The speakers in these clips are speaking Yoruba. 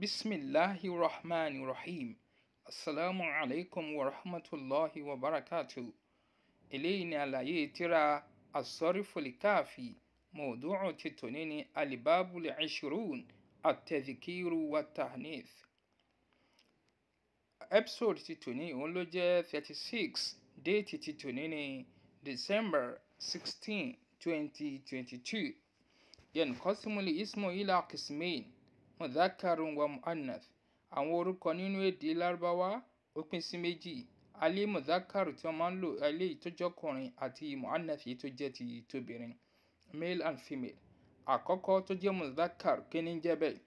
bisimilahi rahman rahim asalaamu alaykum wa rahmatulahi wa barakatu eléyìí ni àlàyé tírà asọ́rífòlìkáàfì mọ̀ọ́dúnrún ti tòní ní alibábùlì ishirun àtẹ̀dìkìrù wa tahnith episode ti tòní òun ló jẹ́ thirty six déètì ti tòní ní december sixteen twenty twenty two yẹn kọ́símùlì ismu ila kismain mudhakarun wa mu'annath àwọn orúkọ nínú èdè lárúbáwá ó pín sí méjì alẹ́ mudhakaru tí wọ́n máa ń lò alẹ́ yìí tó jọkùnrin àti mu'annath yìí tó jẹ́ ti tóbìnrin male and female àkọ́kọ́ tó jẹ́ mudhakar kíní jẹ́ bẹ́ẹ̀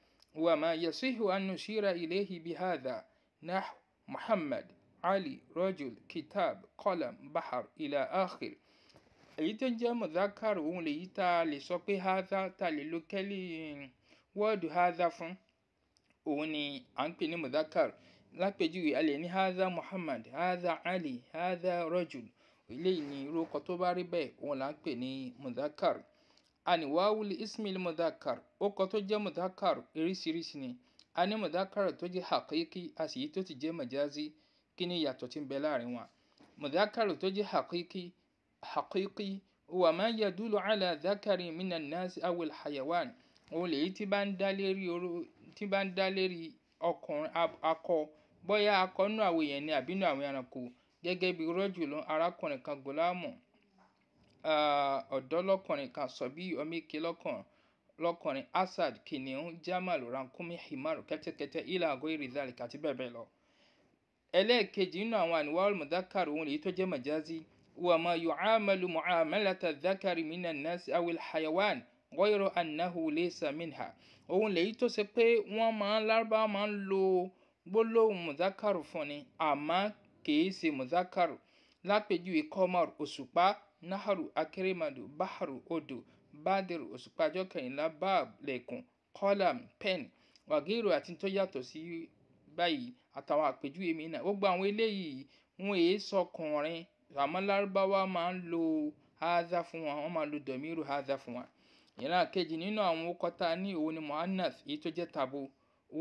wa ma yasihu an nushira ilayhi bihadha nah muhammad ali rajul kitab qalam bahar ila akhir èyí tó jẹ́ mudhakar òun lèyí tá a lè sọ pé hadha tá lè lo kẹ́lí wọ́ọ̀dù haza fún òun ni à ń pè ní mudakar lápèjúwe a lè ní haza muhammad haza ali haza rajul eléyìí ni irúkọ tó bá rí bẹ́ẹ̀ òun là ń pè ní mudakar aniwaawuli ismail mudakar ọkọ tó jẹ́ mudakar oríṣiríṣi ni a ní mudakar tó jẹ́ hakiki a sì yí tó ti jẹ́ majazi kí ni ìyàtọ̀ tí ń bẹ láàrin wọn mudakar tó jẹ́ hakiki hakiki wa ma yadulu ala dhakari minan nasi awil hayawan olè yìí tí bá ń dá lérí oró tí bá ń dá lérí ọkùnrin akọ bóyá akọ nínú àwọn èèyàn ni àbí nínú àwọn ẹranko gẹ́gẹ́ bí rọ́jùlọ arákùnrin kan gòlámù ọ̀dọ́ lọ́kùnrin kan sọ̀bí ọmíkè lọ́kùnrin lọ́kùnrin asad kìnìún jamal rankumi himaru kẹ́tẹ́kẹ́tẹ́ ilà àgọ́ ìrìndàlì àti bẹ́ẹ̀ bẹ́ẹ̀ lọ. ẹlẹ́ẹ̀kejì nínú àwọn àníwá lèyí tó jẹ́ awil hayawan wọ́yọ̀rọ̀ anahu laysa minha òun lèyí tó ṣe pé wọ́n máa ń lárúbá máa ń lo gbólóhùn muzakaru fún ni àmọ́ kìí ṣe muzakaru lápèjúwe kọ́mọ̀r òṣùpá naharu akérèmàdù baharu odò bádìrù òṣùpá ọjọ́ kẹrìnlá báàb lẹ́kùn kọ́làm pen wàgéèrò àti tó yàtọ̀ sí báyìí àtàwọn àpèjúwe mìíràn gbogbo àwọn eléyìí wọn èé sọkùnrin àmọ́ lárúbáwá máa ń lo haza fún wọn wọ́n máa lo dọ̀míru haza fún wọn ìran kejì nínú àwọn okọta ní òun ni muannath èyí tó jẹ́ tabo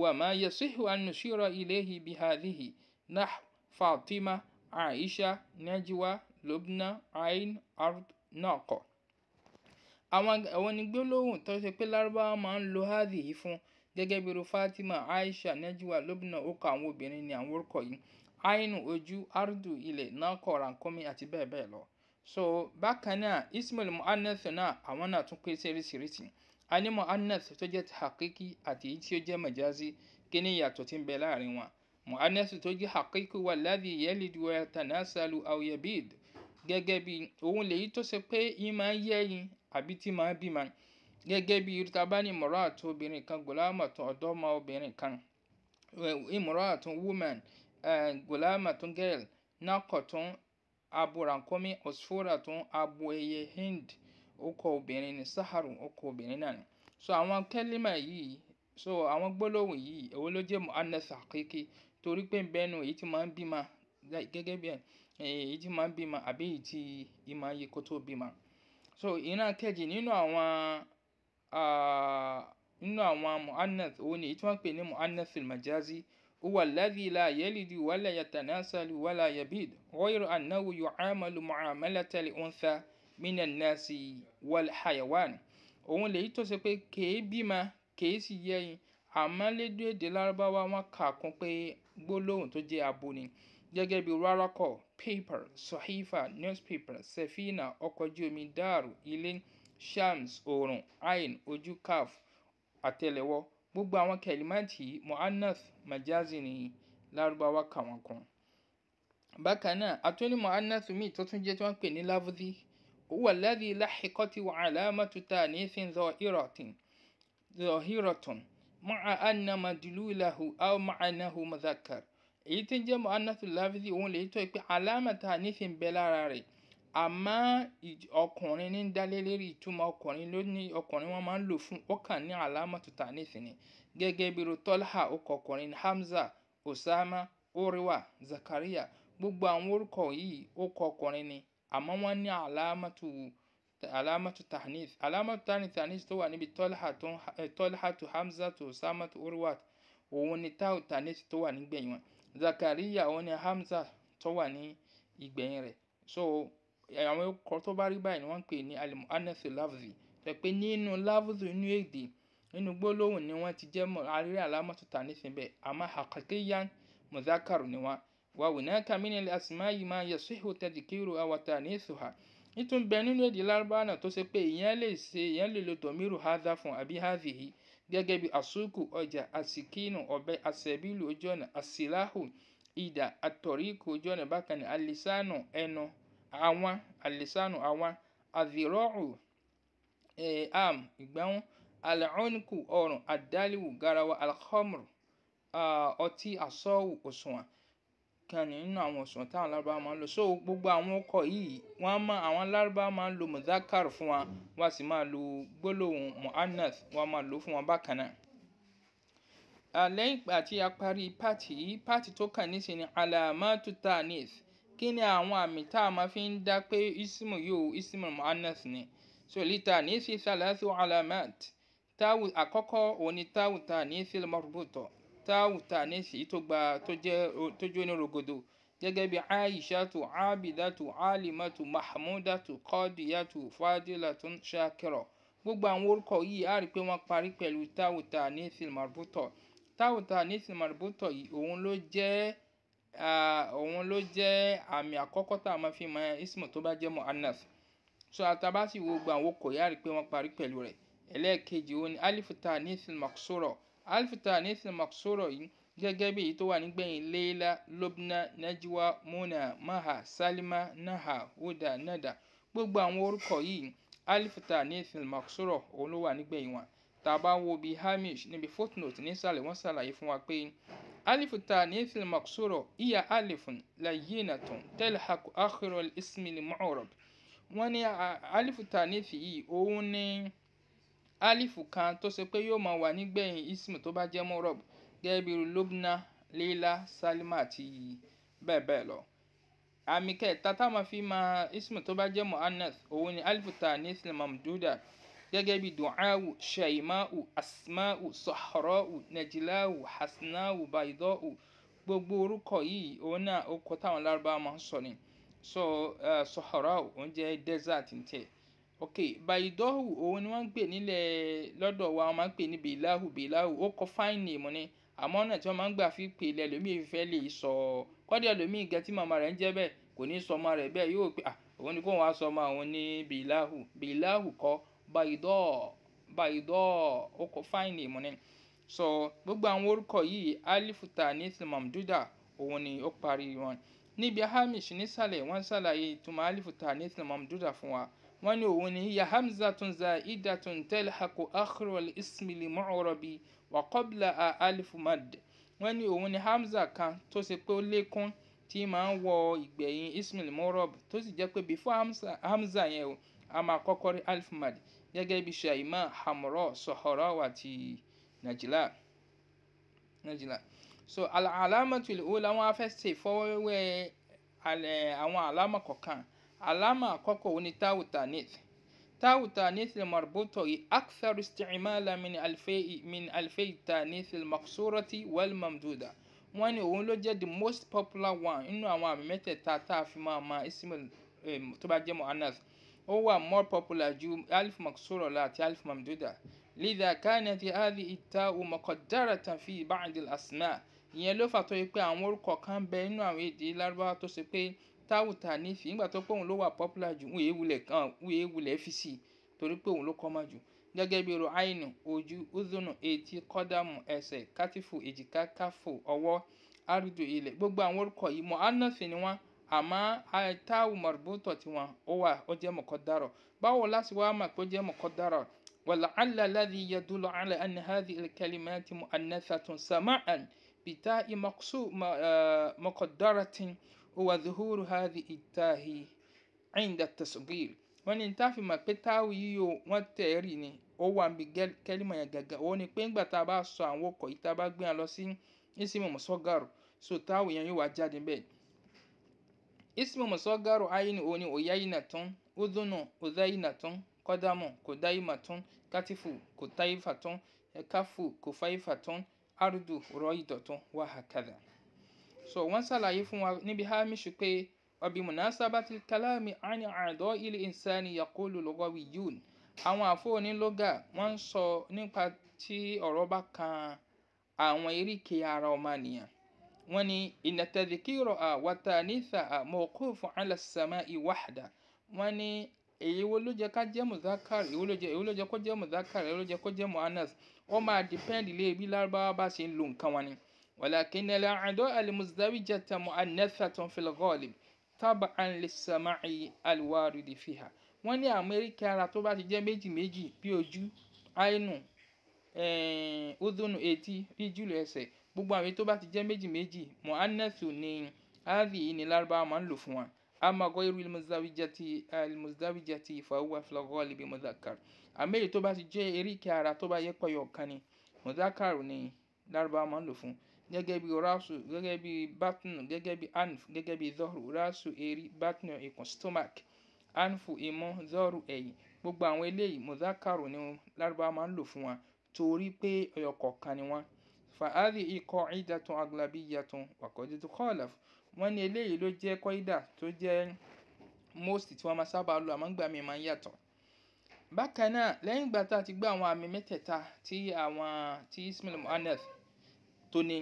wa ma yasihu an nushira ilayhi bihadhihi nah fatima aisha najwa lubna ain ard naqa àwọn ni gbólóhùn tó ṣe pé lárúbáwá máa ń lo hadhihi fún gẹ́gẹ́ bí irú fatima aisha najwa lubna okọ àwọn obìnrin ni àwọn orúkọ yìí ainu ojú ardu ilẹ̀ náà kọ̀ rànkómi àti bẹ́ẹ̀ bẹ́ẹ̀ lọ so bákan náà ismul mu'annath náà àwọn náà tún pé séríṣiríṣi a ní mu'annath tó jẹ́ hakiki àti èyí tí ó jẹ́ majazi kí ni ìyàtọ̀ tí ń bẹ láàrin wọn mu'annath tó jẹ́ hakiki wà alladhi yalidu wa yatanasalu aw yabid gẹ́gẹ́ bí òun lèyí tó ṣe pé yín máa ń yẹ́yìn àbí tí máa ń bímọ gẹ́gẹ́ bí irútabáni mọ̀rọ̀ àti obìnrin kan gòlámà tó ọ̀dọ́mọ obìnrin kan ìmọ̀rọ̀ àti woman eh, gòlámà tó girl náà abo rankumi osforatun abo eye hind okọ obìnrin ni saharun okọ obìnrin so àwọn kẹlímà yìí so àwọn gbólóhùn yìí èwo ló jẹ́ muhannas torí pé bẹnu èyí máa ń bímọ bí èyí máa ń bímọ àbí èyí so nínú àwọn nínú àwọn هو الذي لا يلد ولا يتناسل ولا يبيد غير أنه يعامل معاملة الأنثى من الناس والحيوان òun lèyí tó ṣe pé kèé bímọ kèé sì yẹyin àmọ́ lédè èdè lárúbáwá wọn kà kún pé gbólóhùn tó jẹ́ abo ni gẹ́gẹ́ bí wárakọ̀ paper sahifa newspaper sefina ọkọ̀ ojú omi dáàrú ilé shams oòrùn ain ojú caf àtẹlẹwọ́ gbogbo àwọn kẹlímàtì muannath majazi ni lárúbáwá kà wọ́n kún bákan náà atúní muannath mi tó tún jẹ́ tí wọ́n pè ní láfúdí huwa alladhi lahiqati wa alamatu tanithin zahiratin zahiratun ma'a anna madlulahu aw ma'anahu mudhakkar èyí tí ń jẹ́ muannath láfúdí òun lè tó pé alámà tanithin bẹ lára rẹ̀ àmọ́ ọkùnrin ní dálé ìtumọ̀ ọkùnrin ló ọkùnrin wọn máa ń lò fún ó ní àlámọ̀ nísìnyí gẹ́gẹ́ bí rotolha hamza osama oriwa zakaria gbogbo àwọn orúkọ yìí ó ọkùnrin ni àmọ́ wọ́n ní àlámọ̀tò àlámọ̀tò tolha eh, tó hamza tó osama tó oriwa òun ni tau tahnis tó wà nígbẹ̀yìn hamza tó wà ní ìgbẹ̀yìn àwọn orúkọ tó bá rí báyìí ni wọ́n ń pè ní alimuhannasu lafzi tó pé nínú lafzi inú èdè nínú gbólóhùn ni wọ́n ti jẹ́ arírí alámọ̀tò tà nísìnyí àmọ́ haqiqiyan muzakaru ni wọ́n wà wùnáka minil asma'i ma yasihu tadhkiru awata nisuha nítorí bẹ nínú èdè lárúbáwá náà tó ṣe pé ìyẹn lè ṣe ìyẹn lè lo dọ̀míru haza fún àbí hazihi gẹ́gẹ́ bí asuku ọjà asikinu ọ̀bẹ asẹ̀bílù ojú ọ̀nà asilahu ìdà àtọ̀ríkù ojú ọ̀nà bákan ní alisanu ẹnu àwọn alisanu àwọn adirọ́ọ̀rù eh, am ìgbáhùn alẹ́ọ̀nìkù ọ̀rùn àdáliwù garawa alhamr ọtí uh, asọ́wù òṣùwọ̀n kan nínú àwọn òṣùwọ̀n táwọn lárúbáwá máa ń lò so gbogbo àwọn ọkọ̀ yìí wọ́n máa àwọn lárúbáwá máa ń lo mudhakar fún wa wọ́n sì máa lo gbólóhùn mu'annath wọ́n máa lò fún wọn bákan náà lẹ́yìn ìgbà tí a parí pàtì yìí pàtì tó kàn nísìnyí alamatu tanis kí ni àwọn àmì tá a máa fi ń dá pé ismu yóò ismu muannas ni so lítà ní sí salasu alamat táwù àkọ́kọ́ òní táwù tà ní sí marbuto táwù tà ní sí tó gba tó jẹ́ tó jó ní rogodo gẹ́gẹ́ bí aishatu abidatu alimatu mahmudatu qadiyatu fadilatun shakiro gbogbo àwọn orúkọ yìí a rí pé wọ́n parí pẹ̀lú táwù tà ní sí táwù tà ní sí yìí òun ló jẹ́ òun ló jẹ́ àmì àkọ́kọ́ tá a máa fi mọ ismu tó bá jẹ́ mu'annas so àtàbásí wo gba àwọn okò yára pé wọ́n parí pẹ̀lú rẹ̀ ẹlẹ́ẹ̀kejì òun ni alifu ta'anis maksura alifu ta'anis maksura yìí gẹ́gẹ́ bí èyí tó wà nígbẹ̀yìn leila lobna najwa muna maha salima naha huda nada gbogbo àwọn orúkọ yìí alifu ta'anis maksura òun ló wà nígbẹ̀yìn wọn tàbá wo bí hamish níbi footnote nísàlẹ̀ wọ́n ṣàlàyé fún wa pé ألف التانيث المقصورة هي ألف لينة تلحق آخر الاسم المعرب wọ́n ní alifu tanithi yìí òun ní alifu kan tó ṣe pé yóò máa wà nígbẹ̀yìn ismu tó bá jẹ́ mọ́rọ̀b gẹ́gẹ́ bí lubna leila salima àti bẹ́ẹ̀ bẹ́ẹ̀ lọ. àmì kẹta táwọn fi máa ismu tó bá jẹ́ mu'annath òun ní alifu tanithi mamduda gẹ́gẹ́ bí duawu shaimau asmau sahrau najilau hasnau baidau gbogbo orúkọ yìí òun náà ó kọ táwọn lárúbáwá máa ń sọ ni so uh, sahrau òun jẹ́ desert ntẹ̀ ok baidau òun ni wọ́n ń pè nílẹ̀ lọ́dọ̀ wa wọ́n máa ń pè ní bèláhù bèláhù ó kọ fine name ni àmọ́ ọ̀nà tí wọ́n máa ń gbà fi pè ilẹ̀ lómi ìfẹ́ lè sọ kọ́dí ẹlòmíì gẹ́ tí màmá rẹ̀ ń jẹ́ bẹ́ẹ̀ kò ní sọmọ rẹ̀ bẹ́ẹ̀ yóò pé ah òun ni kóun wá sọmọ òun ní bèláhù bèláhù kọ́ bayidọ́ bayidọ́ ọkọ̀ fáìní mu ni so gbogbo àwọn orúkọ yìí alifuta ní mamduda òun ni ó parí wọn níbi hamish nísàlẹ̀ wọ́n ṣàlàyé ìtumọ̀ alifuta ní mamduda fún wa wọ́n ní òun ni hiya hamzatun za'idatun telhaku akhirul ismi li mu'rabi wa qabla a alifu wọ́n ní òun ni hamza kan tó ṣe pé ó lékún tí máa ń wọ ìgbẹ̀yìn ismail morob tó sì jẹ́ pé before hamza, hamza yẹn o a máa kọ́kọ́ rí alfamad gẹ́gẹ́ bí ṣàìmá hamro sọ̀họ́rọ́ àti nàìjíríà nàìjíríà so alámàtúlẹ̀ ó làwọn afẹ́ ṣe ìfọwọ́wé àwọn alámà kọ̀ọ̀kan alámà àkọ́kọ́ òun ni táwù tanith táwù tanith lè mọ̀rọ̀bùtọ̀ yìí akthar isticmala min alfẹ́ min alfẹ́ tanith lè maqsurati wal mamduda wọ́n ní òun ló jẹ́ the most popular one nínú àwọn àmì mẹ́tẹ̀ẹ̀ta tá a fi máa ma ismail eh, tó bá jẹ́ mu'annath ó wà more popular ju alif maksorola àti alif mamduda lidha kanati hadhi itta'u muqaddaratan fi ba'd al-asma ìyẹn ló fà tó yẹ pé àwọn orúkọ kan bẹ nínú àwọn èdè lárúbáwá tó ṣe pé táwù tà nífì nígbà tó pé òun ló wà popular jù wọ́n èèwulẹ̀ kan wọ́n èèwulẹ̀ fi sí i torí pé òun ló kọ́ máa jù gẹ́gẹ́ bí ro àìnù ojú uzunu etí kọ́dàmù ẹsẹ̀ kátìfù èjìká káfò ọwọ́ àrídò ilẹ̀ gbogbo àwọn orúkọ yìí mọ̀ ánàfin ni wọ́n àmọ́ táwù mọ̀rùbútọ̀ tiwọn ó wà ó jẹ́ mọ̀kọ́dárọ̀ báwo láti wá mà pé jẹ́ mọ̀kọ́dárọ̀ ولعل الذي يدل على أن هذه الكلمات مؤنثة سماعا بتاء مقدرة هو ظهور هذه التاء عند التصغير wọ́n ní tá a fi mọ̀ pé táwù yìí o wọ́n tẹ̀ ẹ́ rì ni ó wà níbi kẹ́límà yẹn gàgà ó ní pé ńgbà tá a bá sọ àwọn ọkọ̀ yìí tá a bá gbé wọn lọ sí ìsìnkú mọ̀sọ́gàrò so táwù yẹn yóò wá jáde bẹ́ẹ̀ ismu musogaru ayin oni oyayinatun udunu udayinatun kodamu kodaimatun katifu kotaifatun kafu kofaifatun ardu rọidọtun wahakada. so wọ́n ṣàlàyé fún wa níbi hamish pé ọbí munasabati kalami ani àdó ilé insani yakulu lọgọwi yun àwọn àfọwọ́ni lọ́gà wọ́n ń sọ nípa tí ọ̀rọ̀ bá kan àwọn eríkèé ara ọmọnìyàn wọ́n ní inna tadhkira à wa ta'nitha à mawqufu ala as-sama'i wahda wọ́n ní èyí wo ló jẹ́ ká jẹ́ muzakar èwo ló jẹ́ èwo ló jẹ́ kó jẹ́ muzakar èwo ló jẹ́ kó jẹ́ muannas ó máa depend lé bí lárúbáwá bá ṣe ń lo nǹkan wọn ni. walakin al-a'da al-muzdawijata mu'annathatun fil ghalib tab'an lis-sama'i al-waridi fiha. wọ́n ní amẹ́ríkà ara tó bá ti jẹ́ méjì bí ojú àìnù eh, udhunu etí ríjùlù ẹsẹ̀ gbogbo àwọn tó bá ti jẹ́ méjì méjì mu'annasu ni áàdì yìí ni lárúbáwá máa ń lò fún wa amma ghayru ilmuzawijati ilmuzawijati fahuwa fil ghalibi mudhakkar àmì tó bá ti jẹ́ eríkì ara tó bá yẹ pẹ̀yọ̀ kan ni mudhakkar ni lárúbáwá máa ń lò fún gẹ́gẹ́ bí rasu gẹ́gẹ́ bí batnu gẹ́gẹ́ bí anf gẹ́gẹ́ bí zọ́rù rasu eri batnu ikùn stomach anfu imú zọ́rù ẹ̀yìn gbogbo àwọn eléyìí mudhakkar ni lárúbáwá máa ń lò fún wa torí pé ọ̀yọ̀kọ̀ọ̀kan ni wọ́n fàádìí ikọ̀ ìdàtún aglabiyatun wàkọ̀dé tó kọ́ọ̀làf wọ́n ní eléyìí ló jẹ́ kọ́ídà tó jẹ́ most tí wọ́n máa sábà lo àmọ́ gbà mí máa ń yàtọ̀ bákan náà lẹ́yìn ìgbà tá a ti gbọ́ àwọn àmì mẹ́tẹ̀ẹ̀ta tí àwọn tí ismail mu'annath tó ní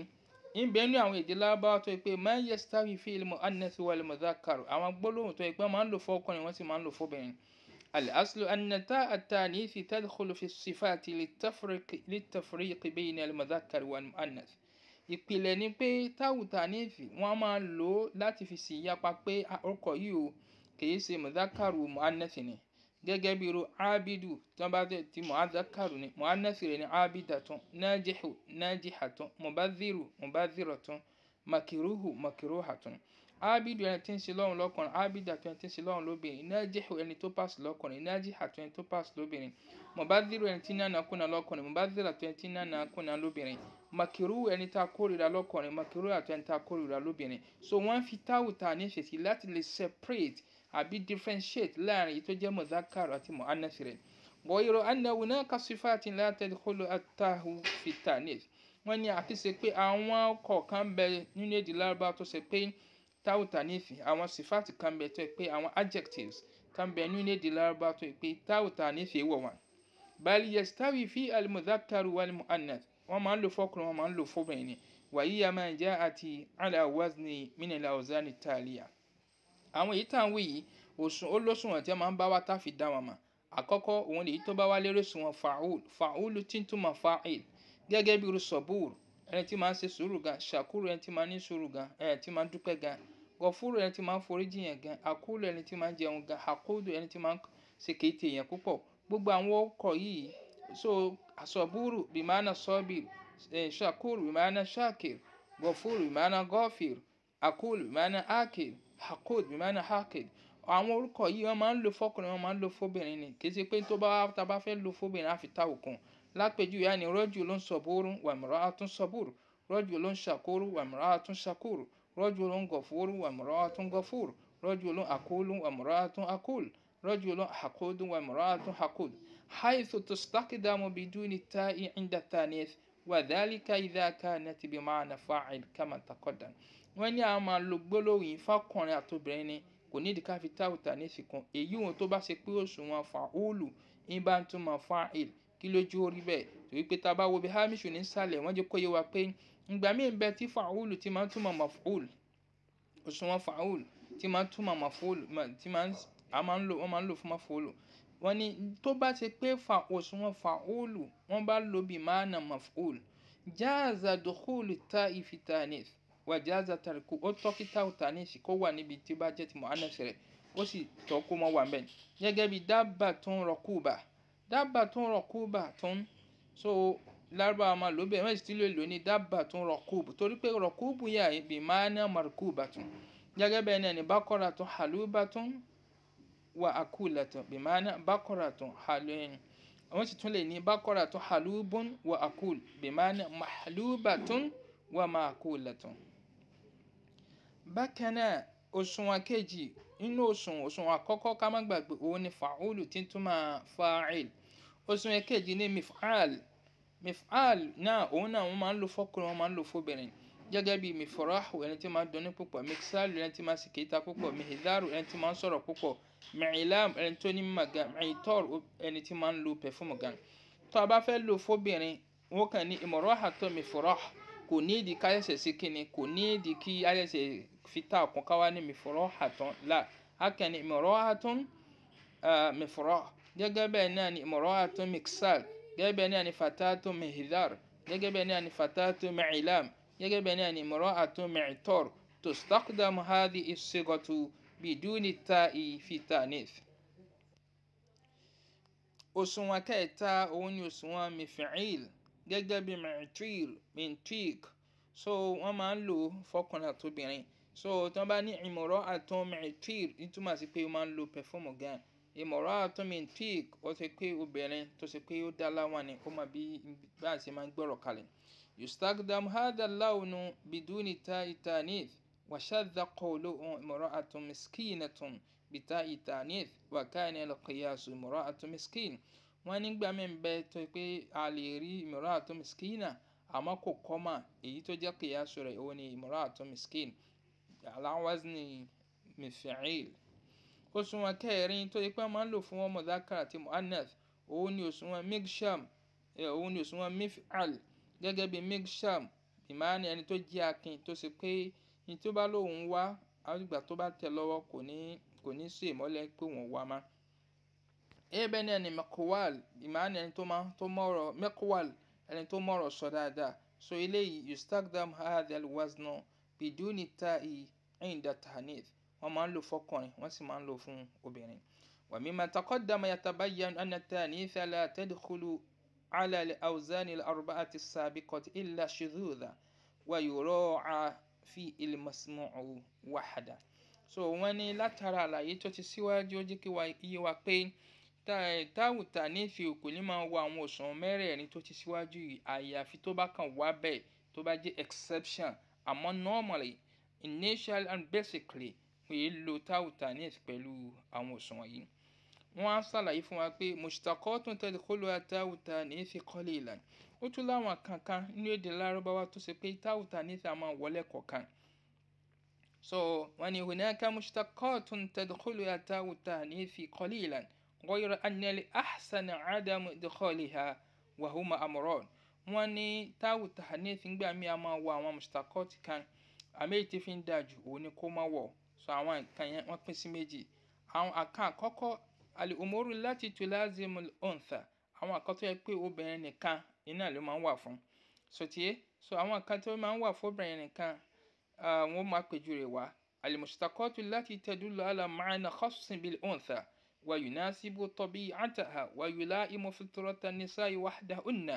ìbẹ́ nínú àwọn èdè lábáwá tó yẹ pé máa ń yẹ sítáwì fi ilmu annath wal mudhakkar àwọn gbólóhùn tó yẹ pé máa ń lò fọ́kùnrin wọ́n sì máa ń lò fọ́bìnrin الأصل أن تاء التانيث تدخل في الصفات للتفريق للتفريق بين المذكر والمؤنث ìpìlẹ̀ ni pé táwù tàníìfì wọ́n máa ń lò ó láti fi sì yapa pé orúkọ yìí o kìí ṣe mọ̀dákàrú mọ̀ánẹ́sì ni gẹ́gẹ́ bí irú ábídù tí wọ́n bá tẹ̀ tí mọ̀ádákàrú ni mọ̀ánẹ́sì rẹ̀ ni ábídàtún nájíhù nájíhàtún mọ̀bázírù mọ̀bázírọ̀tún màkìrúhù màkìrúhàtún ábídù ẹni tí ń ṣe lọ́run lọ́kùnrin ábídù àti ẹni tí ń ṣe lọ́run lóbìnrin nájíhù ẹni tó pàṣẹ lọ́kùnrin nájíhù àti ẹni tó pàṣẹ lóbìnrin mọ̀bádìrú ẹni tí nànà kùnà lọ́kùnrin mọ̀bádìrú àti ẹni tí nànà kùnà lóbìnrin màkìrú ẹni tá a kórìíra lọ́kùnrin màkìrú àti ẹni tá a kórìíra lóbìnrin so wọ́n fi táwù tá a nífẹ̀ẹ́ sí láti lè separate àbí differentiate láàrin èyí tó jẹ́ mọ̀zákàrọ̀ àti mọ̀ánẹ́sì wọ́n ní àti ṣe pé àwọn kọ̀ọ̀kan bẹ nínú èdè lárúbá tó ṣe pé táwọn tàníìfì àwọn sífàtì kan bẹ tó pé àwọn adjectives kan bẹ nínú èdè lárúbá tó pé táwọn tàníìfì wọ̀ wọn. bal yastawi fi al-mudhakkaru wal-mu'annath wọ́n máa ń lò fọ́kùnrin wọ́n máa ń lò fóbìnrin ni wàyí ya máa jẹ́ àti ala wazni min al-awzan at-taliya. àwọn èyí tá à ń wí yìí òsùn ó lóṣùwọ̀n tí wọ́n máa ń bá wa tá fi dá wọn mọ̀ àkọ́kọ́ òun lèyí tó bá wá lérò sùnwọ̀n fa'ul fa'ul tí ń túmọ̀ fa'il gẹ́gẹ́ bí irú sọ̀bùr ẹni tí máa ń ṣe sùúrù gan ṣàkúrò ẹni tí máa ń ní sùúrù gan ẹni tí máa ń dúpẹ́ gan gọfúrò ẹni tí máa ń foríjì yẹn gan àkúlù ẹni tí máa ń jẹun gan àkúdù ẹni tí máa ń ṣèkéte yẹn púpọ̀ gbogbo àwọn ọkọ̀ yìí so àsọ̀búrù bìmánà sọ́bì ṣàkúrù bìmánà ṣàkìr gọfúrù bìmánà gọfìr àkúlù bìmánà ákìr àkúdù bìmánà ákìr àwọn orúkọ yìí wọn máa ń lo fọkùnrin wọn máa ń lo fóbìnrin ni kì í ṣe pé tó bá ta bá fẹ́ lo fóbìnrin àfi òkun lápèjúwe àni rọ́jù ló ń sọ̀búrú wàmúrà àtúnṣọ̀búrú rọ́jù ló ń ṣàkúrú wàmúrà àtúnṣàkúrú رجل غفور وامرأة غفور رجل أقول وامرأة أقول رجل حقود وامرأة حقود حيث تستخدم بدون التاء عند الثالث وذلك إذا كانت بمعنى فاعل كما تقدم wọ́n ní a máa lo gbólóhùn yìí fákùnrin àtobìnrin ni kò nídìí ká fi táwùtà nísì kan èyí òun tó bá ṣe pé òṣùwọ̀n fàáùlù ń bá ń túmọ̀ fáìl kí lójú ó rí bẹ́ẹ̀ torí pé tá a bá wo bí hamisu ní sàlẹ̀ wọ́n jẹ́ kó wa pé ìgbà míì bẹ tí fàáhùlù ti máa ń túmọ̀ maf'ul òṣùwọ̀n fàáhùl ti máa ń túmọ̀ maf'ul tí a máa ń lò wọ́n máa ń lò fún maf'ulu wọ́n ní tó bá ṣe pé fa òṣùwọ̀n fàáhùlù wọ́n bá lo bí máa na maf'ul jáàzà dùkúlù ta ìfi tanis wà jáàzà tàríkù ó tọ́kítà tanis kó wà níbi tí bá jẹ́ ti mu'annas rẹ̀ ó sì tọ́ mọ́ wà mẹ́rin gẹ́gẹ́ bí dábà tó ń rọkùbà dábà tó ń rọkùbà tó ń so lárúbáwá máa lò bẹ́ẹ̀ mẹ́sì tí lè lò ní dábàtún rọ̀kúùbù torí pé rọ̀kúùbù yà bí máa ná markúùbàtún gẹ́gẹ́ bẹ́ẹ̀ náà ní bákọ́ràtún halúbàtún wà àkúùlàtún bí máa ná bákọ́ràtún halúbàtún wọ́n sì tún lè ní bákọ́ràtún halúbùn wà àkúùl bí máa ná mahalúbàtún wà máàkúùlàtún. bákan náà òṣùwọ̀n kejì inú òṣùwọ̀n òṣùwọ̀n àkọ́kọ́ ká má gbàgbé òun ni fàáùlù tí ń túmọ̀ fáàìl òṣùwọ̀n kejì ni mifáàlì mif'al náà òun náà wọ́n máa ń lò fọ́kùnrin wọ́n máa ń lò fóbìnrin gẹ́gẹ́ bí mifrahu ẹni tí máa ń dunnú púpọ̀ miksalu ẹni tí máa ń sìkìtà púpọ̀ mihidaru ẹni tí máa ń sọ̀rọ̀ púpọ̀ mi'ilam ẹni tó ní magan mi'itor ẹni tí máa ń lo pẹ̀fúmù gan. tó a bá fẹ́ lò fóbìnrin wọ́n kàn ní ìmọ̀ràn àtọ́ mifrah kò ní ìdí ká ẹsẹ̀ sí kíni kò ní ìdí kí ẹsẹ̀ fi ta ọ̀kun ká ní mifrah àtọ́ la a kàn ní ìmọ̀ràn àtọ́ eh, mifrah gẹ́gẹ́ bẹ́ẹ̀ náà ní ìmọ̀ràn àtọ́ miksal gẹ́gẹ́ bẹ́ẹ̀ náà ni fatatu mihidar gẹ́gẹ́ bẹ́ẹ̀ náà ni fatatu mi'ilam gẹ́gẹ́ bẹ́ẹ̀ náà ni mura'atu mi'tor tustaqdamu hadhihi as-sigatu biduni ta'i fi ta'nith òṣùwọ̀n kẹta òun ni òṣùwọ̀n mifi'il gẹ́gẹ́ bí mi'til mintik so wọ́n máa ń lò fọkùnrin àtobìnrin so tí wọ́n bá ní imura'atu mi'tir ìtumọ̀ sí pé wọ́n máa ń lo pẹ̀fọ́mù gan imra'atun min tiq ó ṣe pé obìnrin tó ṣe pé ó dá láwọn ni ó mọ bí bá a ṣe máa ń gbọ́rọ̀ kalẹ̀ yustaqdam hadha al-lawnu biduni ta'i ta'nith wa shadda qawluhu imra'atun miskinatun bi ta'i ta'nith wa kana al-qiyasu imra'atun miskin wọ́n nígbà mí ń bẹ tó pé a lè rí imra'atun miskina àmọ́ kò kọ́mà èyí tó jẹ́ kìyàsù rẹ̀ òun ni imra'atun miskin ala wazni mif'il òṣùwọ̀n kẹrin tó yẹ pé wọ́n máa ń lò fún ọmọ zakara àti mu'annath òun ni òṣùwọ̀n miksham òun ni òṣùwọ̀n mif'al gẹ́gẹ́ bí miksham ìmáàní ẹni tó jẹ́ akin tó ṣe pé ní tó bá lóun wá àgbà tó bá tẹ̀ lọ́wọ́ kò ní kò ní sí ìmọ́lẹ̀ pé òun wá má. ebe náà ni mekuwal ìmáàní ẹni tó máa tó ẹni tó mọ̀rọ̀ sọ dáadáa so eléyìí yustakdam hadal wazna biduni ta'i inda tahnith wọ́n máa ń lò fọkùnrin wọ́n sì máa ń lò fún obìnrin. wa mimma taqaddama yatabayyanu anna at-tanitha la tadkhulu ala al-awzan al-arba'ati as-sabiqati illa shudhudha wa yura'a fi al-masmu'u wahda. so wọ́n ní látara àlàyé tó ti síwájú ó jẹ́ kí iye wa pé táwù tà ní fi òkú ní máa wo àwọn òṣùwọ̀n mẹ́rẹ̀ẹ̀rin tó ti síwájú yìí àyàfi tó bá kàn wá bẹ́ẹ̀ tó bá jẹ́ exception àmọ́ normally initially and basically pé lo táwù tanis pẹ̀lú àwọn òṣùwọ̀n yìí wọ́n á ṣàlàyé fún wa pé mushtaqatun tadkhulu táwù tanis qalilan ó tún láwọn kankan nínú èdè lárúbáwá tó ṣe pé táwù tanis a máa wọlé kọ̀ọ̀kan so wọ́n ní hunaka mushtaqatun tadkhulu táwù tanis qalilan ghayra anna al-ahsan adam idkhaliha wa huma amran wọ́n ní táwù tanis ń gbà mí a máa wọ àwọn kan àmì èyí dájú òun ni kó má wọ̀ so àwọn nǹkan yẹn wọ́n pín sí méjì àwọn àkàn àkọ́kọ́ àlè òmòrú láti tù láàzìmù ọ̀ǹtà àwọn àkàn tó yẹ pé obìnrin nìkan iná ló máa ń wà fún sotie so àwọn àkàn tó máa ń wà fún obìnrin nìkan wọ́n máa pèjú rẹ̀ wá àlè mùsùtàkọ́tù láti tẹ̀dúlọ̀ àlà màánà kọ́sùn bíi ọ̀ǹtà ويناسب طبيعتها ويلائم فطرة النساء وحدهن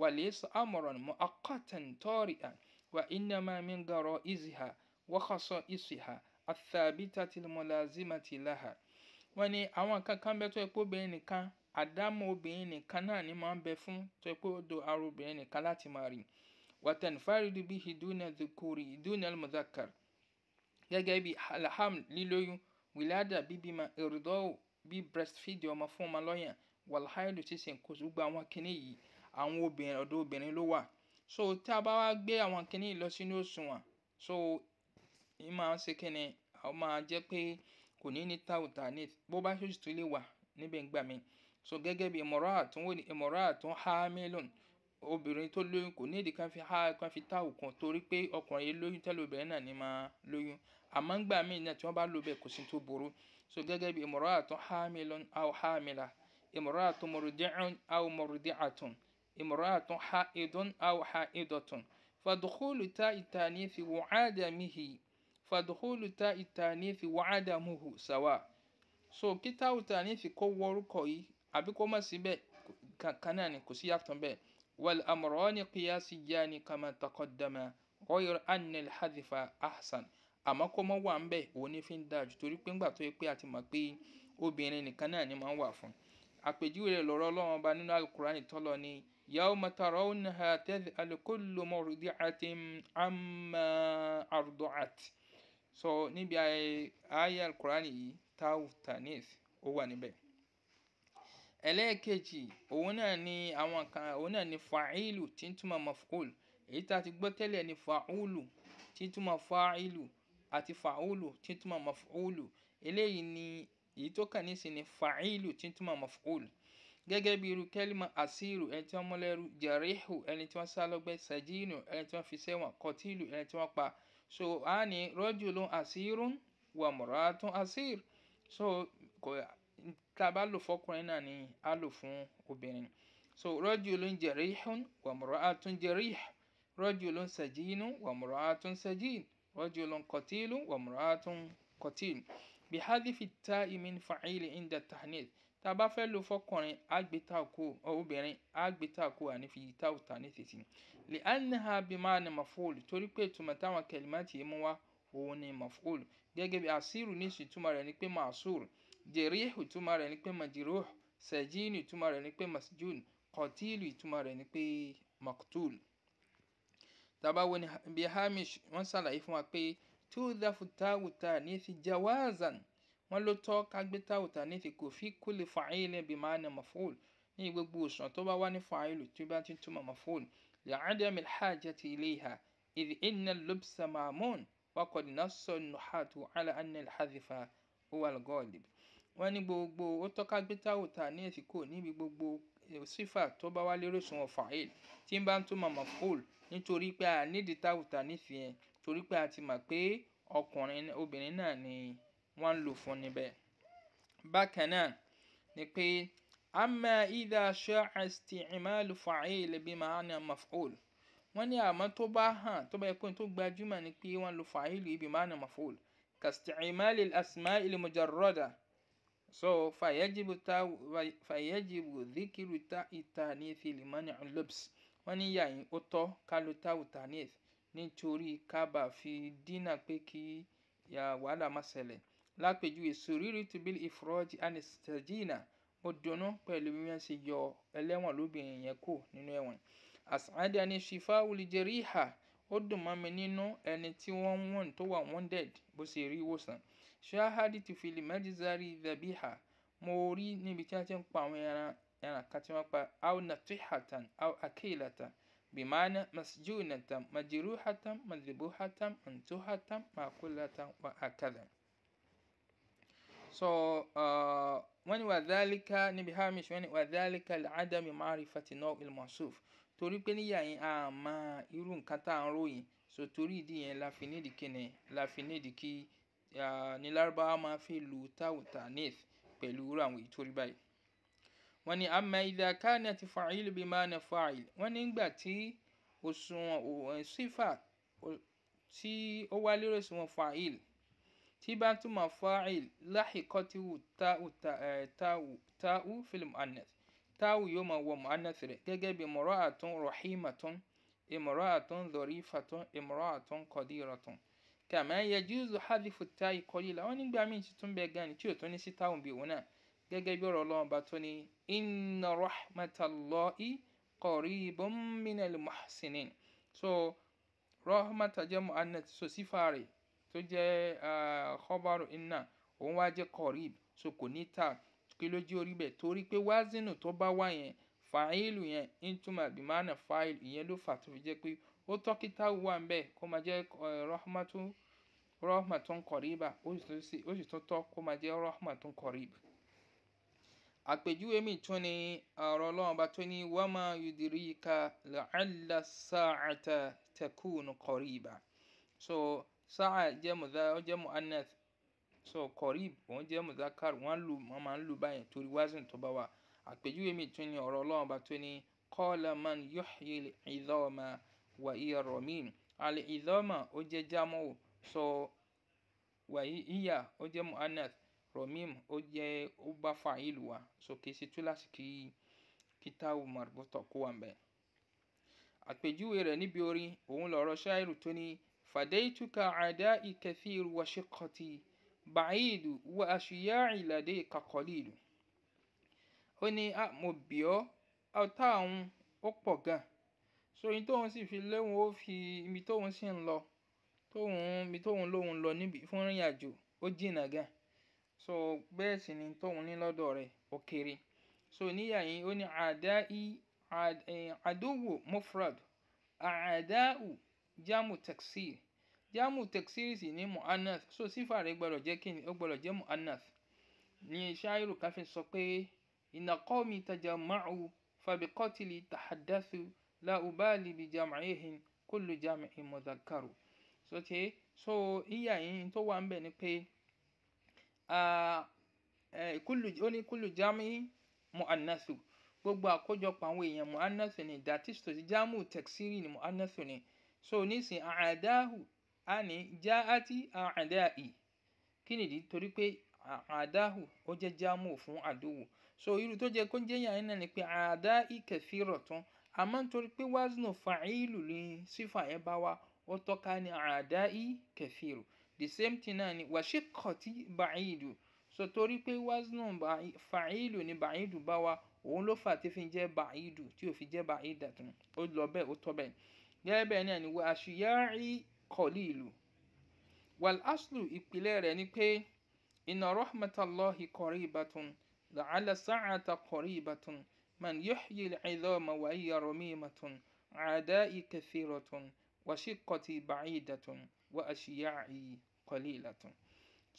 وليس أمرا مؤقتا طارئا وإنما من غرائزها وخصائصها athabitati almulazimati laha wọ́n ní àwọn kankan bẹ tó yẹ pé obìnrin nìkan àdámọ́ obìnrin nìkan náà ni máa ń bẹ fún tó yẹ pé ó do ara obìnrin nìkan láti máa rìn watanfaridu bihi duna dhukuri duna almudhakkar gẹ́gẹ́ bí alhamd lílóyún wìládà bíbímọ ìrìdọ́wò bí breastfeed ọmọ fún ọmọ lọ́yàn wàlháìlù sísìn kò sí gbogbo àwọn kinní yìí àwọn obìnrin ọ̀dọ́ obìnrin ló wà so tá a bá wá gbé àwọn kinní lọ sínú òṣùwọ̀n so ń máa ṣe kíni ó máa jẹ́ pé kò ní ní tàwùtà ní bó bá ṣòṣì tó lè wà níbẹ̀ ń gbà mí so gẹ́gẹ́ bí ìmọ̀ràn àtún wò ní ìmọ̀ràn àtún hamilton obìnrin tó lóyún kò ní ìdí kan fi ha kan fi táwù kan torí pé ọkùnrin yìí lóyún tẹ́lẹ̀ obìnrin náà ni máa lóyún àmọ́ ń gbà míì náà tí wọ́n bá lò bẹ́ẹ̀ kò sí tó burú so gẹ́gẹ́ bí ìmọ̀ràn àtún hamilton aw hamila ìmọ̀ràn àtún mọ̀rùdíhùn aw mọ̀rùdíhàtún ìmọ̀ràn àtún ha idun aw ha idọ̀tún fàdúkúlù tá ìtàní fi wọ́n á dàmíhì fàdúhùlù tá ìtàníìfì wàhádà muhu sàwà so kí tá ìtàníìfì kó wọrúkọ yìí àbí kó má síbẹ̀ kankan náà ni kò sí yàtọ̀ bẹ́ẹ̀ wàl amrani qiyasiyani kama taqaddama ghayra anna al-hadhifa ahsan àmọ́ kó mọ́ wà ń bẹ̀ òun ní fi ń dájú torí pé ńgbà tó yẹ pé a mọ̀ pé obìnrin nìkan náà ni máa ń wà fún àpèjúwe rẹ̀ lọ́rọ̀ Ọlọ́run ọba nínú alukurani tọ́lọ ni yawma tarawnaha tadhhalu kullu murdi'atin amma arda'at so níbi ayé alukurani yìí tawu tanis ó wà níbẹ̀ ẹlẹ́ẹ̀kejì òun náà ni àwọn kan òun náà ni fa'ilu tí ń túmọ̀ maf'ul èyí tá a ti gbọ́ tẹ́lẹ̀ ni fa'ulu tí ń túmọ̀ fa'ilu àti fa'ulu tí ń túmọ̀ maf'ulu eléyìí ni èyí tó kàn nísìn ni fa'ilu tí ń túmọ̀ maf'ul gẹ́gẹ́ bí irú kẹ́límà asiru ẹni tí wọ́n mú lẹ́rú ẹni tí wọ́n sá sajinu ẹni tí wọ́n fi sẹ́wọ̀n kọtílù ẹni tí wọ́n pa so a ní rọ́jùlún àsírún wà mọ̀ràtún so kò tá a bá lò fọkùnrin náà ni a lò fún obìnrin so rọ́jùlún jẹ̀ríhún wà mọ̀ràtún jẹ̀ríh rọ́jùlún sẹ̀jínú wà mọ̀ràtún sẹ̀jín rọ́jùlún kọ̀tílù wà mọ̀ràtún kọ̀tíl bí hadifi tá imin inda tahnid tá a bá fẹ́ lo fọkùnrin á gbé tá òkú obìnrin á gbé tá òkú àní fi tá òtá ní tètè lè á ní ha bí máa ní mọ̀fóòlù torí pé ìtumọ̀ táwọn kẹlímàtì yìí mú wá òun ní mọ̀fóòlù gẹ́gẹ́ bí àṣírù ní ìsù ìtumọ̀ rẹ̀ ni pé màṣúrù jẹ̀ríhù ìtumọ̀ rẹ̀ ni pé màjìrúhù sẹ̀jínù ìtumọ̀ rẹ̀ ìtumọ̀ rẹ̀ ni pé mọ̀kútùl tàbá wo ni bí hamish wọ́n pé tó wọ́n ló tọ́ ká gbé táwù tà ní ti kò fi kulli fa'ilin bi ma'na maf'ul ní gbogbo òṣùwọ̀n tó bá wá ní fa'ilu tí bá ti túmọ̀ maf'ul li'adami al-hajati ilayha idh inna al-lubsa ma'mun wa qad nassa an-nuhatu ala anna al-hadhifa huwa al-ghalib wọ́n ní gbogbo ó tọ́ ká gbé táwù tà ní ti kò níbi gbogbo e, sífà tó bá wá lérò sùn wọn fa'il tí bá ń túmọ̀ maf'ul nítorí pé a nídìí táwù tà nífìyẹn torí pé a ti mọ̀ pé ọkùnrin obìnrin náà ni wọ́n ń lò fún níbẹ̀. bákan náà ni pé amma idha sha'a isti'malu fa'il bi ma'ana maf'ul wọ́n ní àmọ́ tó bá hàn tó bá yẹ pé tó gbajúmọ̀ ni pé wọ́n lo fa'il bi ma'ana maf'ul ka isti'mali al-asma'i al-mujarrada so fayajibu ta fayajibu dhikiru ta itanithi limani al-lubs wọ́n ní yàyìn ó tọ́ ká lo ta utanith nítorí ká bá fi dínà pé kí wàhálà má ṣẹlẹ̀ lápèjúwe sùúrù tó bí ìfúrọ́jì anistajina mo dunnú pẹ̀lú bí wọ́n ṣe yọ ẹlẹ́wọ̀n lóbìnrin yẹn kù nínú ẹ̀wọ̀n àsàádà ni ṣìfà olùjẹ́ríhà ó dùn mọ́ mi nínú ẹni tí wọ́n ń wọ̀n tó wà wounded bó ṣe rí ìwòsàn ṣáhádì tó fi lè mẹ́jìzárì dàbíhà mo rí níbi tí wọ́n ti ń pa àwọn ẹran ẹran kan tí wọ́n pa aw natihatan aw akilatan bimana masjunatan majiruhatan madribuhatan mantuhatan makulatan wa akadhan so uh, wọ́n ní wàdálíkà níbi hamish wọ́n ní wàdálíkà làádàmì ma'rifati naw' al-mawsuf torí pé níyà yẹn a máa irú nǹkan tá à ń ròyìn so torí ìdí yẹn la fi nídìí kíni la fi nídìí kí ní lárúbáwá máa fi lu táwùtà nith pẹ̀lú irú àwọn èyí tó rí báyìí. wọ́n ní amma idha kanat fa'il bi ma'na fa'il wọ́n ní ìgbà tí òṣùwọ̀n sífà tí ó wá lérò sí wọn fa'il tí bá túmọ̀ fa'il láhìkọ́tíwù táwù táwù táwù fil mu'annath táwù yóò máa wọ mu'annath rẹ̀ gẹ́gẹ́ bí imra'atun rahimatun imra'atun dharifatun imra'atun qadiratun kàmá yajuzu hadhifu táyì qalila wọn nígbà míì ti tún bẹ gan ni tí ò tún ní sí táwù bí òun náà gẹ́gẹ́ bí ọ̀rọ̀ Ọlọ́run bá tó ní inna rahmatallahi qaribun so rahmata jẹ́ mu'annath so tó jẹ́ khabaru inna òun wá jẹ́ qarib so kò ní ta kí ló jẹ́ orí bẹ́ẹ̀ torí pé wazinu tó bá wá yẹn fàáìlù yẹn intuma bimana fàáìlù ìyẹn ló fà tó fi jẹ́ pé ó tọ́kítà wà ń bẹ́ẹ̀ kó máa jẹ́ rahmatu rahmatun qariba ó sì tún tọ́ kó máa jẹ́ rahmatun qarib. àpèjúwe mi tún ni ọ̀rọ̀ ọlọ́run bá tún ní wama yudirika la'alla sa'ata takunu qariba so sáà jẹ́ mọ̀dá ó jẹ́ mu'annath so kọ̀ríb wọ́n jẹ́ mudhakar wọ́n lu wọ́n máa ń lu báyẹn torí wazin tó bá wà àpèjúwe mi tún ní ọ̀rọ̀ ọlọ́run ọba tó ní qala man yuhyil idhama wa hiya ramim al idhama ó jẹ́ jámọ́ so wa hiya ó jẹ́ mu'annath ramim ó jẹ́ ó bá fa'il wá so kì í ṣe túláṣì kí kitabu àpèjúwe rẹ̀ níbi orin òun lọ̀rọ̀ ṣáírù tó ní. فديتك عدائي كثير وشقتي بعيد وأشياعي لديك قليل ó ní a mo bì ọ́ ọ̀tá àwọn ó pọ̀ gan so ibi tóun sì fi léwu ó fi ibi tóun sì ń lọ tóun ibi tóun lóun lọ níbi fún rìn àjò ó jìnnà gan so bẹ́ẹ̀ sì ni tóun ní lọ́dọ̀ rẹ̀ ó kéré so níyà ó ní àdá i àdówò eh, mufrad àdáù jamu taksir jamu taksir sì ní mu'annath so sífà rẹ̀ gbọ́dọ̀ jẹ́ kí ni ó gbọ́dọ̀ jẹ́ mu'annath ní ṣáírù kan fi sọ pé inna qawmi tajama'u fabiqatili tahaddathu la ubali bi jam'ihim kullu jam'in mudhakkaru sọtẹ so ìyá yìí tó wà ń bẹ̀ ni pé ó ní kullu jam'in mu'annathu gbogbo àkójọpọ̀ àwọn èèyàn mu'annathu ni that is jamu taksiri ni mu'annathu ni so nísìn àádáhù a ní já àti àádáì kí nìdí torí pé àádáhù ó jẹ́ jámù fún àdúwò so irú tó jẹ́ kó jẹ́ yàn náà ni pé àádáì kẹfìrọ̀ tán àmọ́ nítorí pé wazno fàáìlù ní sífà yẹn bá wa ó tọ́ka ní àádáì kẹfìrọ̀ the same thing náà ni wàṣí kọ̀tí bàáìdù so torí pé wazno fàáìlù ní bàáìdù bá wa òun ló fà tí fi jẹ́ bàáìdù tí ò fi jẹ́ bàáìdà tán ó lọ bẹ́ẹ̀ ó tọ́ bẹ́ẹ̀ gẹ́gẹ́ bẹ́ẹ̀ náà ni wà àṣùyáàrí kọ̀lí ìlú wal aslu ìpìlẹ̀ rẹ̀ ni pé inna rahmatallahi qaribatun la'ala sa'ata qaribatun man yuhyi al-'idhama wa hiya ramimatun 'ada'i kathiratun wa shiqqati ba'idatun wa ashiya'i qalilatun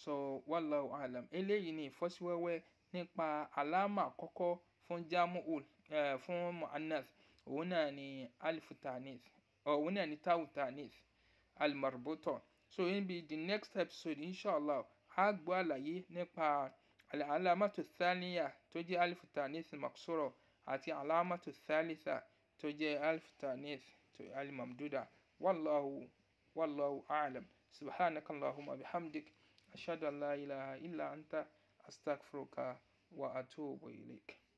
so wallahu a'lam eléyìí ni ìfọ́síwẹ́wẹ́ nípa àlámà àkọ́kọ́ fún jamu'ul eh, fún mu'annath òun náà ni alifu òun náà ni táwù tanith almarbuto so níbi the next episode inshallah a gbọ́ àlàyé nípa alamatu thaniya tó jẹ́ alifu tanith maksuro àti alamatu thalitha tó jẹ́ alifu tanith alimamduda wallahu wallahu a'lam subhanakallahumma bihamdik ashhadu an la ilaha illa anta astaghfiruka wa atubu ilayk